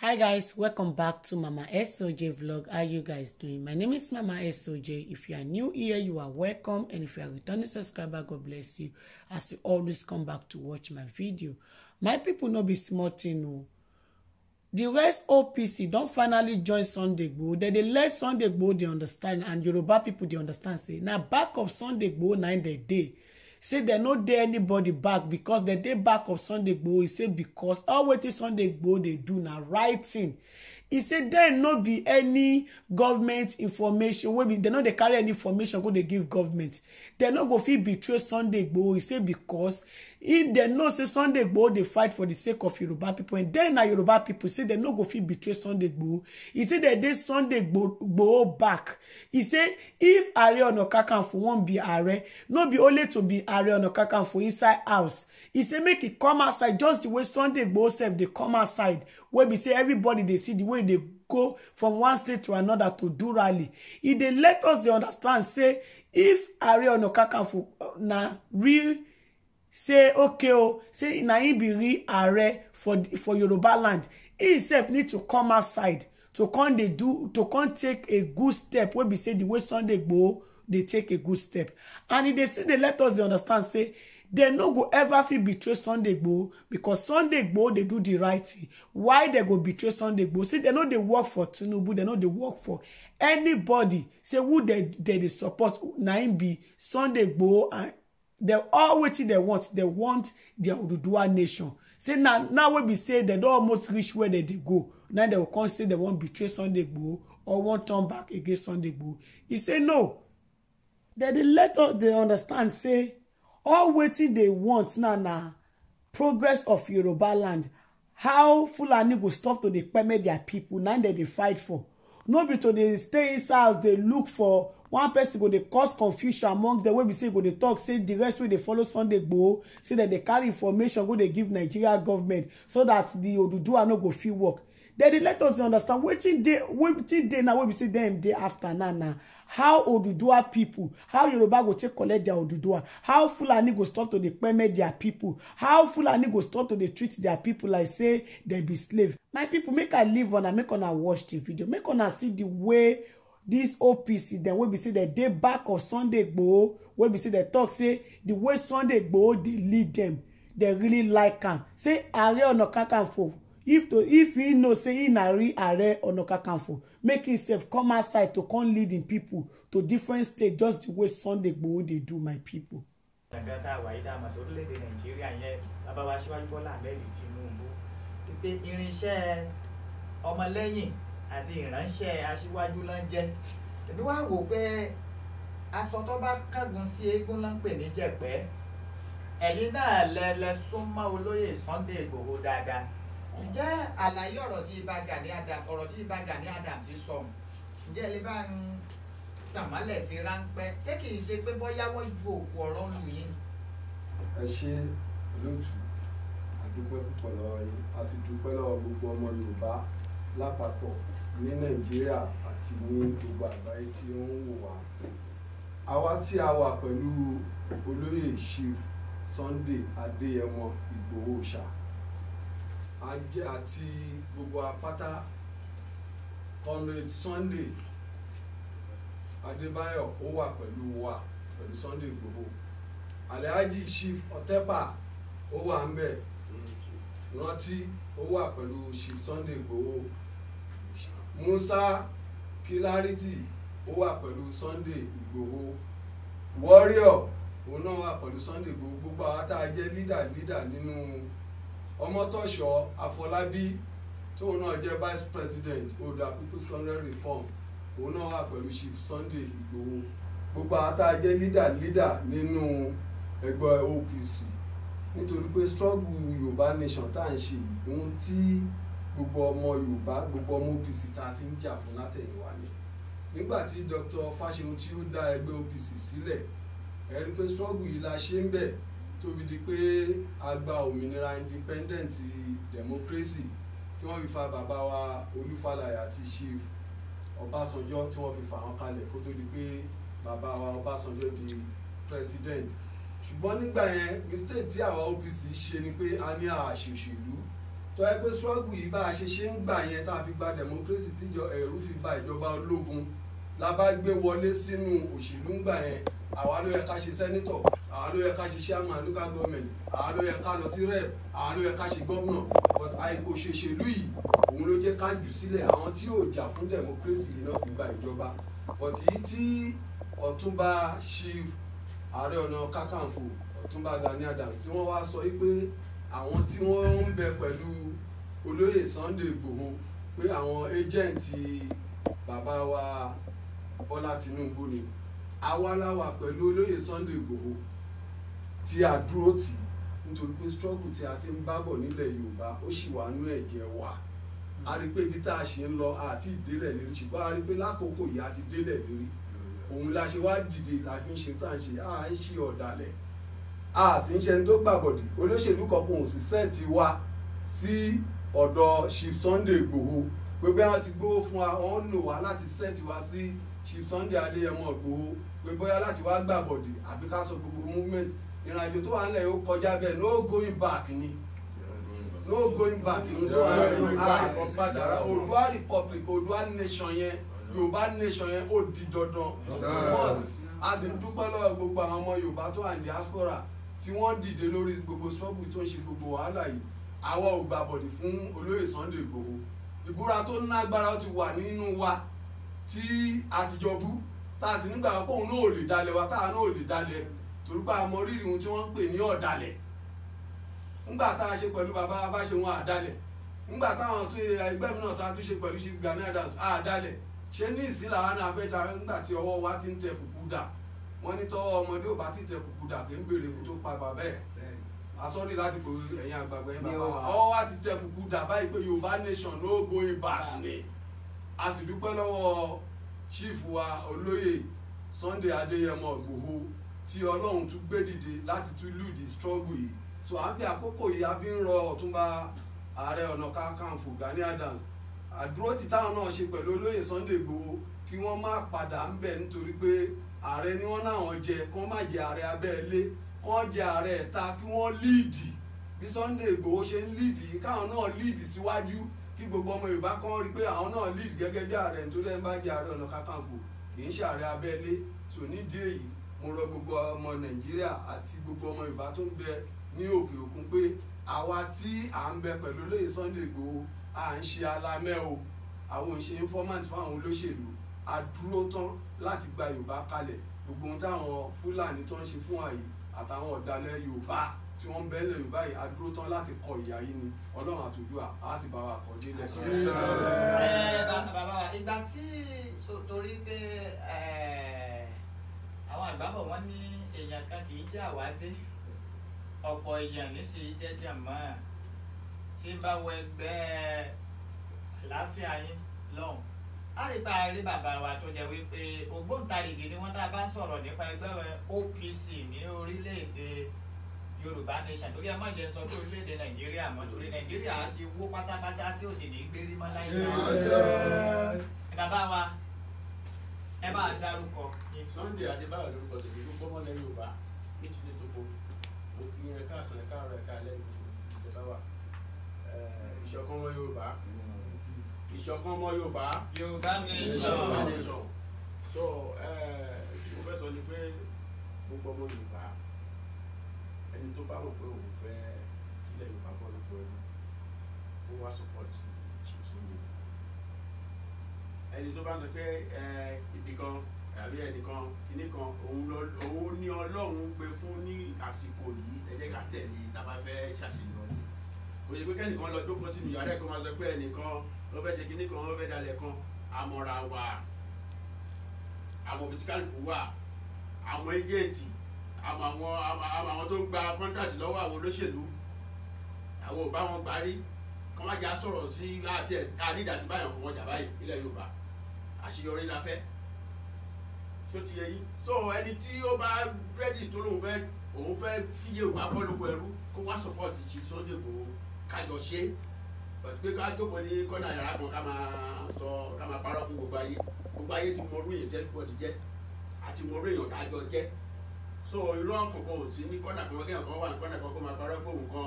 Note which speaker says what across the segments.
Speaker 1: hi guys welcome back to mama soj vlog how you guys doing my name is mama soj if you are new here you are welcome and if you are returning subscriber god bless you as you always come back to watch my video my people no be small thing o oh. the rest opc don finally join sunday Igboho then dey let sunday Igboho dey understand and yoruba people they understand say now back of sunday Igboho na im day say dem no dey anybody back because dem dey back of sunday gboo e say because all wetin sunday gboo dey do na right thing e say dem no be any government information wey be dem no dey carry any information go dey give government They no go fit betray sunday igboro e say because if they know say sunday igboro dey fight for the sake of yoruba people, and then na yoruba people say they no go fit betray sunday igboro e say they dey sunday igboro back e say if are on kakanfo wan be are no be only to be are on kakanfo inside house e say make e come outside just the way sunday igboro sef dey come outside wey be say everybody dey see the way wey dey go from one state to another to do rally e dey let us dey understand say if Ààrẹ Ọ̀nà Kakanfò na real say okay o say na him be real ààrẹ for for Yoruba land he sef need to come outside to come dey do to come take a good step wey be say the way Sunday Igboho dey take a good step and e dey still dey let us dey understand say They no go ever fit betray sunday gboo because sunday gboo dey do the right thing why they go betray sunday gboo see they no dey work for tinubu They no dey work for anybody say who dem dey support na im be sunday gboo and dem all wetin dem want dem want dia oduduwa nation say na now wey be say dem don almost reach where dem dey go na dem go come say dem wan betray sunday gboo or wan turn back against sunday gboo e say no dem dey let us dey understand say all waiting, they want now na progress of yoruba land how fulani go stop to dey permit their people na dem dey fight for no be to dey stay inside house dey look for one person go they cause confusion among The way we say go they talk say the rest wey they follow sunday gboo say that they carry information go they give nigeria government so that the di are not go fit work Then they let us dey understand Waiting day, na wey be say dem dey afta na na how Oduduwa people, how Yoruba go take collect their Oduduwa, how Fulani go start to dey permit their people, how Fulani go start to dey treat their people like say dem be slave. My people, make I leave una, make una watch the video, make una see the way dis opc dem wey be say dem dey back of sunday gboo wey be say dem talk say di way sunday gboo dey lead dem dem really like am say ààrẹ ọ̀nà kakanfò if to if he know say he na real Ààrẹ Ọ̀nà Kakanfò make himself come outside to come lead him people to different state just the way Sunday Igboho dey do my people.
Speaker 2: gbàngàn tá a wà yí dáhùn àti orílẹ̀-èdè Nàìjíríà yẹn bàbá wa Bọ́lá Ahmed Tinubu pé irinṣẹ́ ọmọlẹ́yìn àti ìránṣẹ́ aṣíwájú ló ń jẹ́ èmi wá wò pé aṣọ tó bá kángun sí eégún ló ń pè ní jẹ̀pẹ́ ẹ̀yin náà lẹ lẹ súnmọ́ olóyè Sunday Ìgbòho dáadáa ǹjẹ́ àlàyé ọ̀rọ̀ tí Ìbà Gani Adams ọ̀rọ̀ tí Ìbà Gani Adams ti sọ ǹjẹ́ ilé bá ń tàmálẹ̀ sí ráńpẹ́ ṣé kìí ṣe pé bóyá wọ́n ju òkú ọ̀rọ̀ lù yín.
Speaker 3: ẹ ṣe lótú àdúpẹ́ púpọ̀ lọ́wọ́ yín a sì dúpẹ́ lọ́wọ́ gbogbo ọmọ Yorùbá lápapọ̀ ní Nàìjíríà àti ní gbogbo àgbáyé tí ó ń wò wá àwa tí a wà pẹ̀lú olóyè Chief Sunday Adéyẹmọ Ìgbòho ṣáà àti gbogbo apáta comrade Sunday Adébáyọ̀ ó wà pẹ̀lú wa pẹ̀lú Sunday Igboho Alhaji Chief Otepa ó wà ń bẹ̀ rántí ó wà pẹ̀lú Chief Sunday Igboho Musa Kilariti, ó wà pẹ̀lú Sunday Igboho Warrior òun náà wà pẹ̀lú Sunday Igboho gbogbo àwọn tá a jẹ́ leader leader nínú. No ọmọtọ́ṣọ àfọlábí tóun náà jẹ́ vice president odò people's congress reform òun náà wà pẹ̀lú chief sunday ìgbòho gbogbo ata jẹ́ leader leader nínú ẹgbẹ́ OPC nítorí pé struggle yorùbá nation tá à ń ṣe ohun tí gbogbo ọmọ yorùbá gbogbo ọmọ OPC tá a ti ń jà fún látẹ̀yìnwá ni nígbà tí dr fáṣehun tí ó dá ẹgbẹ́ OPC sílẹ̀ ẹ̀rí pé struggle yìí la ṣe ń bẹ̀ tóbi di pé a gba òmìnira independent democracy tí wọ́n fi fa bàbá wa olúfàlàyé àti chief ọbásanjọ́ tí wọ́n fi fa wọ́n kalẹ̀ kó tó di pé bàbá wa ọbásanjọ́ di president ṣùgbọ́n nígbà yẹn mistake tí àwa OPC ṣe ni pé a ní àṣòṣèlú tó yẹ pé struggle yìí bá a ṣe ṣe ń gbà yẹn tá a fi gba democracy tí ẹ̀rú fi ba ìjọba ológun la bá gbé wọlé sínú òṣèlú ń gbà yẹn àwa ló yẹ ká ṣe sẹ́nítọ̀ àwa ló yẹ ká ṣe chairman local government àwa ló yẹ ká lọ sí rep àwa ló yẹ ká ṣe governor but àìkò ṣèṣèlú yìí òun ló jẹ́ ká jù sílẹ̀ àwọn tí yóò jà fún democracy náà fi gba ìjọba but èyí tí ọ̀túnba chief ààrẹ ọ̀nà kákàǹfò ọ̀túnba Gani Adams tí wọ́n wá sọ wípé àwọn tí wọ́n ń bẹ pẹ̀lú olóyè Sunday Igboho pé àwọn ẹjẹǹtì bàbá wa Bọ́lá Tinubu ni àwa la wà pẹ̀lú olóyè Sunday Igboho tí a dúró tì nítorí pé struggle tí a ti ń bábọ̀ nílẹ̀ Yorùbá ó sì wà nú ẹ̀jẹ̀ wa a rí pé ibi tá a ṣe ń lọ àti ìdélẹ̀ lérí ṣùgbọ́n a rí pé lákòókò yìí a ti délẹ̀ lérí òun la ṣe wá dìde la fi ń ṣe tá à ṣe à ń ṣe ọ̀dàlẹ̀ a sì ń ṣe ní tó gbàbọ̀dì olóṣèlú kọ̀ọ̀kan ò sì sẹ́ẹ̀tì wa sí ọ̀dọ̀ Chief Sunday Igboho pé bí wọ́n ti gbówó fún wa wọ́n lò wá láti sẹ́ẹ̀tì wa sí Chief Sunday Adéyẹmọ Igboho pé bóyá láti wá gbàbọ̀dì àbí ká sọ gbogbo movement ìrìnàjò tó wà nílẹ̀ yóò kọjá bẹ́ẹ̀ no going back ni no going back ni tó wà nílẹ̀ àkọ́padà Oòduà republic Oòduà nation yẹn Yorùbá nation yẹn ó di dandan a sì ń dúpẹ́ lọ́wọ́ gbogbo àwọn ọmọ Yorùbá tó wà ní diaspora tí wọ́n dìde lórí gbogbo struggle tó ń ṣe gbogbo wàhálà yìí àwa ò gbàbọ̀dì fún olóyè Sunday Igboho ìbúra tó ń lágbára ó ti wà nínú wa tí àtijọ́ bú tá a sì nígbà pé òun náà ò lè dalẹ̀ wa táwa náà ò lè dalẹ̀ torípa àmọ́ rírì ohun tí wọ́n ń pè ní ọ̀dàlẹ̀ ńgbà tá a ṣe pẹ̀lú bàbá Abáṣeun àdàlẹ̀ ńgbà táwọn tó ẹgbẹ́ mi náà tá a tún ṣe pẹ̀lú ṣe Gani Adams àdàlẹ̀ ṣé ní ìsílà wa náà fẹ́ da ńgbà tí ọwọ́ wa ti ń tẹ kùkú dà wọ́n ní tọ́wọ́ ọmọdé ò bá ti tẹ kùkú dà kì í béèrè kó tó pa bàbá ẹ̀ asọ́rí láti kò ẹ̀yìn àgbàgbà yẹn bàbá wa ọwọ́ wa ti tẹ kùkú dà báyìí pé Yorùbá nation no going back ni a sì dúpẹ́ lọ́wọ́ chief wa olóyè Sunday Adéyẹmọ Ìgbòho tí ọlọ́run tún gbé dìde láti tún lùdì struggle yìí so à ń fi àkókò yìí a fi ń rọ ọ̀túnba ààrẹ ọ̀nà kakanfò Gani Adams àdúró tí táwọn náà ṣe pẹ̀lú olóyè Sunday Igboho kí wọ́n má padà ń bẹ̀ nítorí pé ààrẹ ni wọ́n náà jẹ kán má jẹ ààrẹ abẹ́lé kán jẹ ààrẹ ẹ̀ta kí wọ́n líìdì bí Sunday Igboho ṣe ń líìdì káwọn náà líìdì síwájú kí gbogbo ọmọ Yorùbá kan rí pé àwọn náà líìdì gẹ́gẹ́ bí ààrẹ nítorí ẹ̀ ń bá jẹ ààrẹ ọ̀nà kakanfò kì í ṣe ààrẹ abẹ́lé tò nídìí èyí mo rọ gbogbo ọmọ nàìjíríà àti gbogbo ọmọ yorùbá tó ń bẹ ní òkè òkun pé àwa tí à ń bẹ pẹ̀lú lóye Sunday Igboho à ń ṣe alámẹ́ o àwọn ìṣe informant fáwọn olóṣèlú a tán láti gba yorùbá kalẹ̀ gbogbo ohun táwọn fúlàní tó ń ṣe fún àyè àtàwọn ọ̀dàlẹ̀ yorùbá tí wọ́n ń bẹ́ lẹ̀ yorùbá yìí adúró tán láti kọ ìyá yìí ni ọlọ́run àtòjúà á wa kọ́ délẹ̀.
Speaker 2: ìgbà tí torí pé àwọn àgbábọ̀ wọ́n ní èèyàn kan kì í jẹ́ àwádé ọ̀pọ̀ èèyàn nísìnyí jẹ́ jàmọ́ tí bá wọ ẹgbẹ́ àlàáfíà yín lọ́hùn á rí bá rí bàbá wa tó jẹ́ wípé ògbóǹtarìgì ni wọ́n tá a bá sọ̀rọ̀ nípa ẹgbẹ́ OPC ní orílẹ̀-èdè Yorùbá nation torí ẹ má jẹ́ sọ pé orílẹ̀-èdè Nàìjíríà mọ́ torí Nàìjíríà ti wó pátápátá tí ò sì ní gbérí mọ́ láìpẹ́
Speaker 4: bàbá ẹ bá a dárúkọ. Sunday Adébáyọ̀ lórúkọ tèmi ló gbọ́mọ lẹ́yìn Yorùbá nítorí tóko mo kí ẹ káàsán ẹ káàárọ̀ ẹ káàlẹ́ ìjọba wa ìṣọ̀kan ọmọ Yorùbá
Speaker 3: ìṣọ̀kan ọmọ Yorùbá. Yorùbá nation. so mo fẹ́ sọ ni pé gbogbo ọmọ Yorùbá ẹni tó bá rò pé
Speaker 4: òun fẹ́ kílẹ̀ Yorùbá bọ́ lọ́pọ̀ ẹni kó wá support Chief Sunday ẹni tó bá sọ pé ẹ ibìkan àbí ẹnìkan kìíní kan òun ni ọlọ́run gbé fún ní àsìkò yìí ẹ jẹ́ ká tẹ̀lé e, tàbá fẹ́ ṣàṣeyọrí kò yẹ pé kẹ́nìkan lọ jókòó sínú yàrá ẹ̀kọ́ máa sọ pé ẹnìkan ló fẹ́ ṣe kìíní kan ló fẹ́ dalẹ̀ kan àmọ̀ra wà àmọ̀ bìtíkàlùkù wà àwọn ẹjẹ̀ǹtì àmọ̀ àwọn tó ń gba kọ́ńtàtì lọ́wọ́ àwọn olóṣèlú àwọn ò bá wọn parí kọ́ má jà sọ̀rọ̀ sí àti àdídàtì báyọ̀ wọn jà báyìí ilẹ̀ Yorùbá àṣeyọrí la fẹ́ ṣó ti yẹ yín so ẹni tí ó bá rẹ́dì tó lóun fẹ́ òun fẹ́ kí Yorùbá bọ́ lóko ẹrú kó wá support ti Sunday Igboho kájọ ṣe pé ká jókòó ní kọ́nà yàrá kan ká máa sọ ká máa parọ́ fún gbogbo ayé gbogbo ayé ti mọ orú èèyàn tẹ́lifọ̀dì jẹ́ àti mọ orú èèyàn tájọ jẹ́ so irú ọkàn kan ò sí ní kọ́nà kan kẹ́hìn kan wà ní kọ́nà kan kó máa parọ́ pé òun kan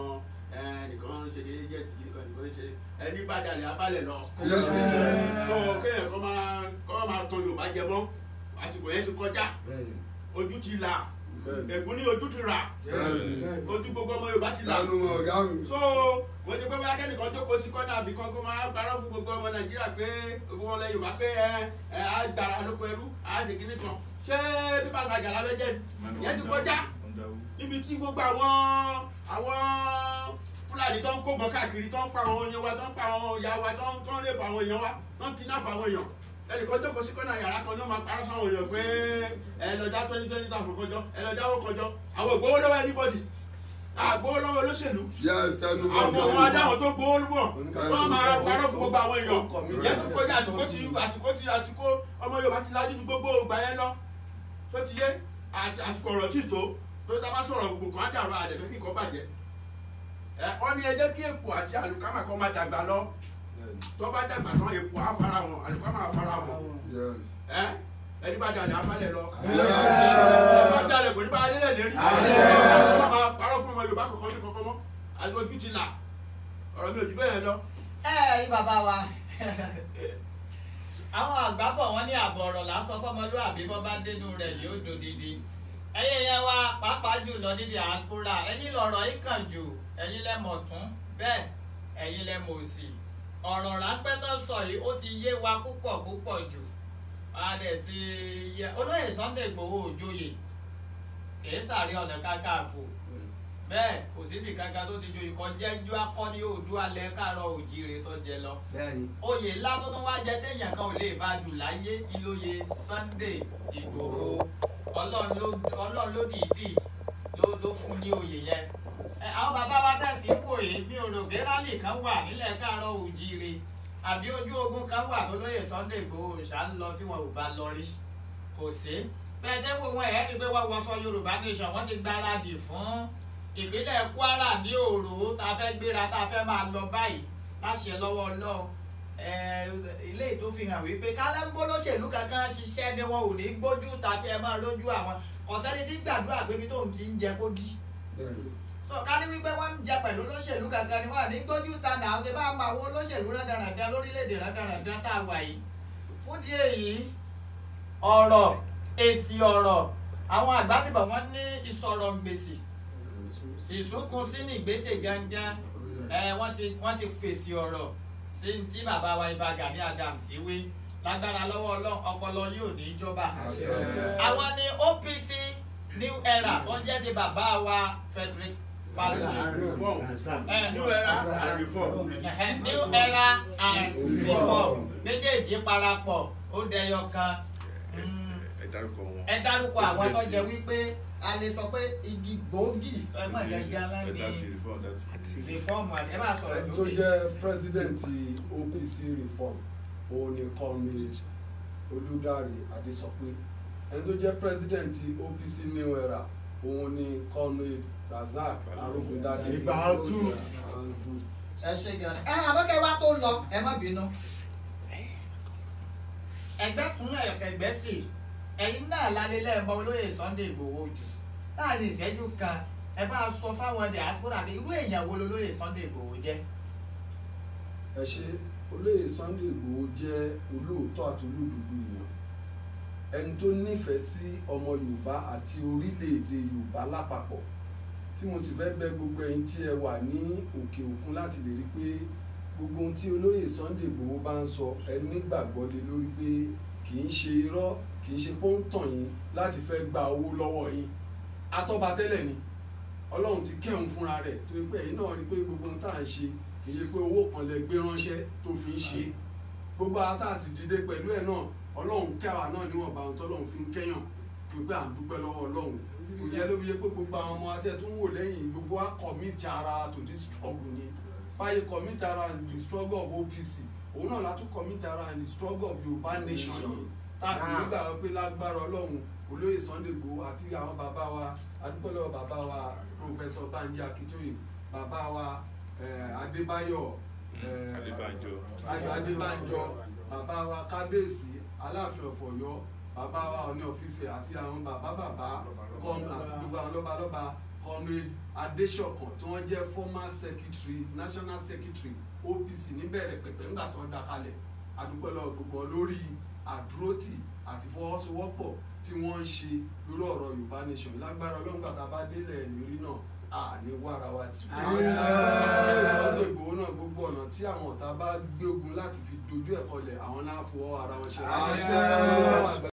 Speaker 4: nìkan ṣe déédéé jẹ́ tìjì nìkan nìkan ṣe ẹni bá dalẹ̀ abalẹ̀ lọ. kọ́ máa kọ́ máa tan Yorùbá jẹ mọ́ àsìkò yẹn ti kọjá ojú ti là ẹ̀gún ní ojú ti rà ojú gbogbo ọmọ Yorùbá ti là. so kò ṣe pé bá kẹ́nìkan jókòó sí kọ́nà àbí kan kó máa parọ́ fún gbogbo ọmọ Nàìjíríà pé gbogbo ọmọ Yorùbá pé ẹ ẹ á gbàrà lóko ẹrú á sì kíní kan ṣé bíbá àgbàlá fẹ́ jẹ́ yẹn ti kọjá níbi tí gbogbo àwọn àwọn fúlàní tó ń kóbọn káàkiri tó ń pa àwọn ọyàn wa tó ń pa àwọn ọyà wa tó ń tán lè àwọn èèyàn wa tó ń kidnap àwọn èèyàn ẹnìkan jókòó sí kọ́nà yàrá kan náà máa parọ́ fáwọn èèyàn pé ẹ twenty twenty thousand kọjọ ẹ lọ dáwọ́ àwọn ògbówó lọ́wọ́ anybody àgbówó lọ́wọ́ olóṣèlú àwọn ọmọ adáwọn tó gbówó lọ́wọ́ wọ́n máa parọ́ fún gbogbo àwọn èèyàn yẹn ti kọjá àsìkò ti àsìkò ti àsìkò ọmọ Yorùbá ti lajú ju gbogbo ìgbà yẹn lọ tó ti yé àsìkò ọ̀rọ̀ tí tó tó tá a bá sọ̀rọ̀ gbogbo kan á àdẹ̀fẹ́ kí bàjẹ́ ẹ ọ ní ẹ kí èpò àti àlùkámà kan máa dàgbà lọ tó bá dàgbà tán èpò á fara wọn àlùkámà á fara wọn ẹ ẹni bá dalẹ̀ abalẹ̀ lọ bá dalẹ̀ kò ní bá alẹ́ lẹ́rí parọ́ fún ọmọ Yorùbá mọ́ ti là ọ̀rọ̀ mi ò bẹ́ẹ̀ lọ. ẹ ẹ
Speaker 2: bàbá wa àwọn ní lásán fọmọlúwàbí ẹ̀yin yẹn wá pàápàá jù lọ ní diaspora ẹ̀yin lọ̀rọ̀ yìí kàn jù ẹ̀yin lẹ mọ̀ tún bẹ́ẹ̀ ẹ̀yin lẹ mọ̀ sí ọ̀rọ̀ ráńpẹ́ tó sọ yìí ó ti yé wa púpọ̀ púpọ̀ jù adẹ ti yẹ olóyè Sunday Igboho òjòyè
Speaker 4: kìí sàrí ọ̀nà
Speaker 2: kákàfò bẹ́ẹ̀ kò síbi kankan tó ti ju ìkọjẹ́jú akọ́ni òdu alẹ́ káàárọ̀ òjíire tó jẹ lọ. oyè ńlá tó tún wá jẹ téèyàn kan ò lè bá dùn láyé ìlóye Sunday Igboho ọlọ́run ló dìídì ló fún ní oyè yẹn àwọn bàbá wa tẹ̀sí ń pò yìí bí òrògbé rálì kan wà nílẹ̀ káàárọ̀ òjíire àbí ojú ogun kan wà tó lóye Sunday Igboho ṣá ń lọ tí wọn ò bá lọ rí kò sí bẹ́ẹ̀ ṣé gbogbo ẹ̀ ni pé wọ́n wọṣọ Yorùbá nation wọ́n ti gbáradì fún ìpínlẹ̀ Kwara ní òru tá fẹ́ gbéra tá fẹ́ máa lọ báyìí láṣẹ lọ́wọ́ Ọlọ́run Eh, ilé ìtò fi hàn wípé kálẹ́ńbó lóṣèlú kankan ṣiṣẹ́ ni wọn ò ní gbójú tàbí ẹ máa lójú àwọn kọ̀sẹ́ni tí gbàdúrà pé ibi tóun ti ń jẹ kó dí. sọ kálí wípé wọ́n ń jẹ pẹ̀lú lóṣèlú kankan ni wọ́n ní gbójú tàdà àwọn tí bá máa wo lóṣèlú rádaràdá lórílẹ̀‐èdè rádaràdá tá a wà yìí. fúdi èyí ọ̀rọ̀ èsì ọ̀rọ̀ àwọn àgbà ti ní ìsọ̀rọ̀ gbèsè ìsúnkun sínú ìgbésẹ̀ sí ti bàbá wa Ìbà Gani Adams wí lágbára lọ́wọ́ ọpọlọ yóò ní ìjọba. àwa ni OPC New Era wọ́n jẹ́ ti bàbá wa Frederick Fásitì.
Speaker 4: Eh, eh, eh, New
Speaker 2: Era and Reform. méjèèjì parapọ̀ ó dẹyọ kan. ẹ
Speaker 3: dárúkọ àwọn tó jẹ
Speaker 2: wípé a lè sọ pé igi gbòógì ọmọ ìgbàgbà ńlá ní
Speaker 3: reform àti ẹ máa sọ̀rọ̀ lókè. tó jẹ́ pírẹsidẹ́ǹtì OPC reform òun ni kọ́mi olùdarí adésọpé ẹni tó jẹ́ pírẹsidẹ́ǹtì OPC new òun ni kọ́mi razak arógundadé ìgbàlódù. ẹ ṣe gan
Speaker 2: ẹ abọ́kẹ́ wa tó lọ ẹ má bínú ẹgbẹ́ kúnlẹ̀ ẹgbẹ́ sí ẹ̀yin náà lálẹ́ lẹ́ẹ̀bọ olóyè Sunday Ìgbòho jù láàrin ìṣẹ́jú kan ẹ bá sọ fáwọn diaspora bí irú èèyàn wo lolóyè Sunday Igboho jẹ́.
Speaker 3: ẹ ṣe olóyè Sunday Igboho jẹ́ olóòótọ́ àti olódodo èèyàn ẹni tó nífẹ̀ẹ́ sí ọmọ Yorùbá àti orílẹ̀-èdè Yorùbá lápapọ̀ tí mo sì fẹ́ bẹ̀ gbogbo ẹ̀yin tí ẹ wà ní òkè òkun láti lè rí pé gbogbo ohun tí olóyè Sunday Igboho bá ń sọ ẹ nígbàgbọ́ lé lórí pé kì í ṣe irọ́ kì í ṣe pọ́ńtàn yín láti fẹ́ gba owó lọ́wọ́ yín atọ́ba tẹ́lẹ̀ ni ọlọ́run ti kẹ́hùn fúnra rẹ̀ tó pé ẹ̀yin náà rí pé gbogbo ohun tá à ń ṣe kì í ṣe pé owó kan lẹ gbé ránṣẹ́ tó fi ń ṣe gbogbo ata àti dìde pẹ̀lú ẹ̀ náà ọlọ́run kẹwàá náà níwọ̀nba ohun tọ́lọ́run fi ń kẹ́yàn tó pé à ń dúpẹ́ lọ́wọ́ ọlọ́run kò yẹ ló fi yẹ pé gbogbo àwọn ọmọ atẹ́ tó ń wò lẹ́yìn gbogbo wa commit ara to this struggle ni fàyè commit ara the struggle of OPC òun náà látún commit ara the struggle of Yorùbá nation tá a sì ah. nígbà pé lágbára ọlọ́run olóyè Sunday Igboho àti àwọn bàbá wa adúgbòlò bàbá wa professor Banji Akintoye bàbá wa eh, Adébáyọ̀ eh, Ayọ̀ Adébánjọ bàbá wa kábíyèsí aláàfin ọ̀fọ̀yọ́ bàbá wa ọ̀ní ọ̀fífẹ́ àti àwọn bàbá bàbá kọ́nù àti gbogbo àwọn lọ́balọ́ba comrade Adéṣọ̀kan tí wọ́n jẹ́ former secretary national secretary OPC níbẹ̀rẹ̀ pẹ̀pẹ̀ ńgbà tí wọ́n dá kalẹ̀ gbogbo lórí àdúrótì àti fọwọ́sowọ́pọ̀ tí wọ́n ń ṣe lórí ọ̀rọ̀ yorùbá nation lágbára ọlọ́run gbàtà bá délẹ̀ nírí náà àní wàrà wa ti dé sọ́dọ̀ ìgbòho náà gbogbo ọ̀nà tí àwọn ọ̀tá bá gbé ogun láti fi dojú ẹ̀kọ́ lẹ̀ àwọn náà fọwọ́ ara wọn ṣe.